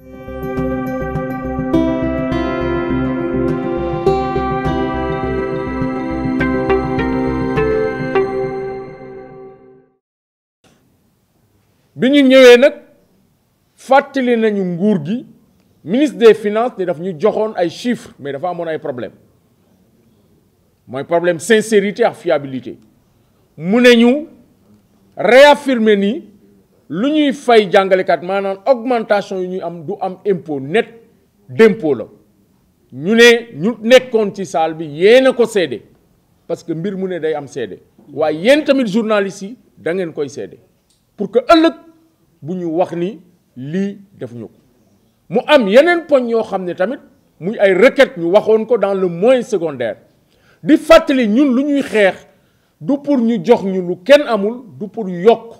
bi ñuy ñëwee nag fàttali nañu nguur gi ministre des finances ne daf ñu joxoon ay chiffres mais dafa amoon ay problème mooy problème sincérité ak fiabilité mu ne ñu réaffirmer nii lu ñuy j'angale jàngalekat maanaam augmentation yi am du am impôt net d'impôt la ñu ne ñu nekkoon ci salle bi yéen ko parce que mbir mu ne day am seede Ou yéen tamit journalistes yi da ngeen koy pour que ëllëg bu wax ni lii def mu am yeneen poñ yoo tamit ay requête ñu ko dans le moyen secondaire di fàttali ñun lu ñuy du pour ñu jox ñu lu amul du pour yoko.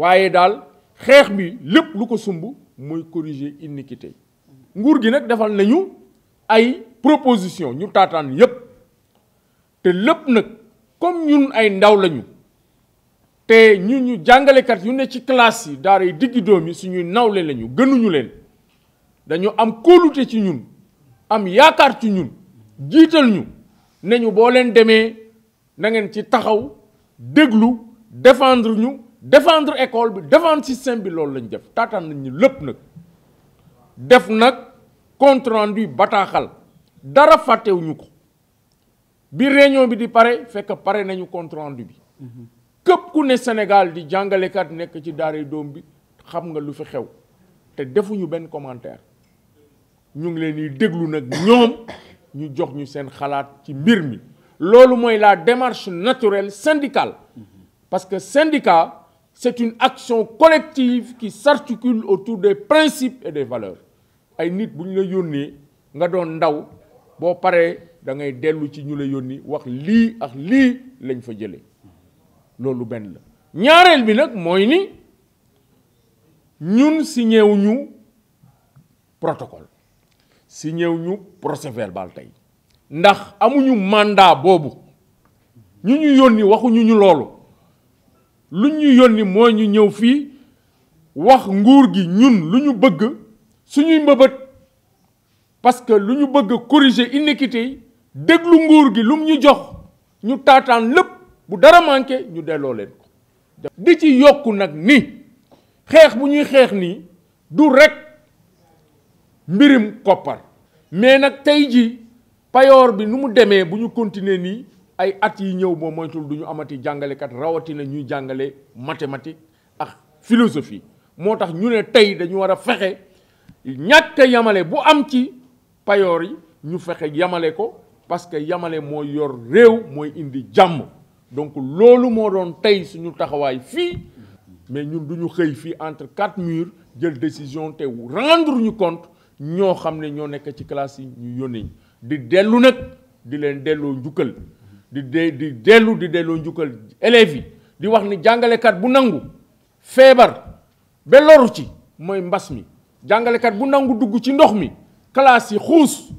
waaye daal xeex bi lépp lu ko sumb mooy corriger iniquité nguur gi nag defal nañu ay proposition ñu taataan yépp te lépp nag comme ñun ay ndaw lañu te ñu ñu jàngalekat yu ne ci classe yi daara yi diggi doom yi suñuy nawle lañu gënuñu leen dañu am kóolute ci ñun am yaakaar ci ñun jiital ñu ne ñu boo leen demee na ngeen ci taxaw déglu defendre ñu défendre l'école, défendre le système bi loolu lañ def Tata, nañ Nous def un compte rendu dara bi réunion bi di pare fekk pare rendu ne Sénégal di kat nekk ci daaray doom bi xam nga lu fi xew te defuñu benn commentaire ñu ngi leen di nak la démarche naturelle syndicale parce que syndicat c'est une action collective qui s'articule autour des principes et des valeurs ay nit buñ la yónnee nga don ndaw bo paré da ngay déllu ci ñu la yónni wax li ak li lañ fa jëlé lolu ben la ñaareel bi nak moy ni ñun signé wu protocole signé wu procès verbal tey ndax amuñu mandat bobu ñu ñu yónni waxu ñu lolu lu ñu yónni mooy ñu ñëw fii wax nguur gi ñun lu ñu bëgg suñuy mbëbët parce que lu ñu bëgg corriger inéquité yi déglu nguur gi lu mu ñu jox ñu taataan lépp bu dara manqué ñu delloo leen ko di ci yokku nag ni xeex bu ñuy xeex nii du rekk mbirim koppar mais nag tey ji payoor bi nu mu demee bu ñu continuer nii ay at yi ñëw boo moytul duñu amati jàngalekat na ñuy jàngale mathématique ak philosophie moo tax ñu ne tey dañu war a fexe ñàkk yamale bu am ci payoor yi ñu fexe yamale ko parce que yamale moo yor réew mooy indi jàmm donc loolu moo doon tey suñu taxawaay fii mais ñun du ñu xëy fii entre quatre murs jël décision te rendre ñu compte ñoo xam ne ñoo nekk ci classe yi ñu yónnee di dellu nag di leen delloo njukkal di de di delu di delu njukal élèves yi di wax ni kat bu nangu febar be loru ci moy mbas mi kat bu nangu dugg ci ndokh mi classe yi xuus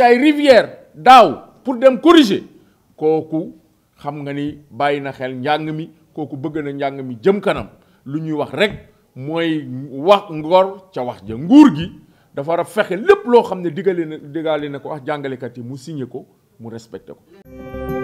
ay rivière daw pour dem corriger koku xam nga ni bayina xel njang mi koku bëgg na njang mi jëm kanam lu ñuy wax rek moy wax ngor ca wax ja nguur gi dafa war a fexe lépp loo digalé ko yi mu signé ko mu respecté ko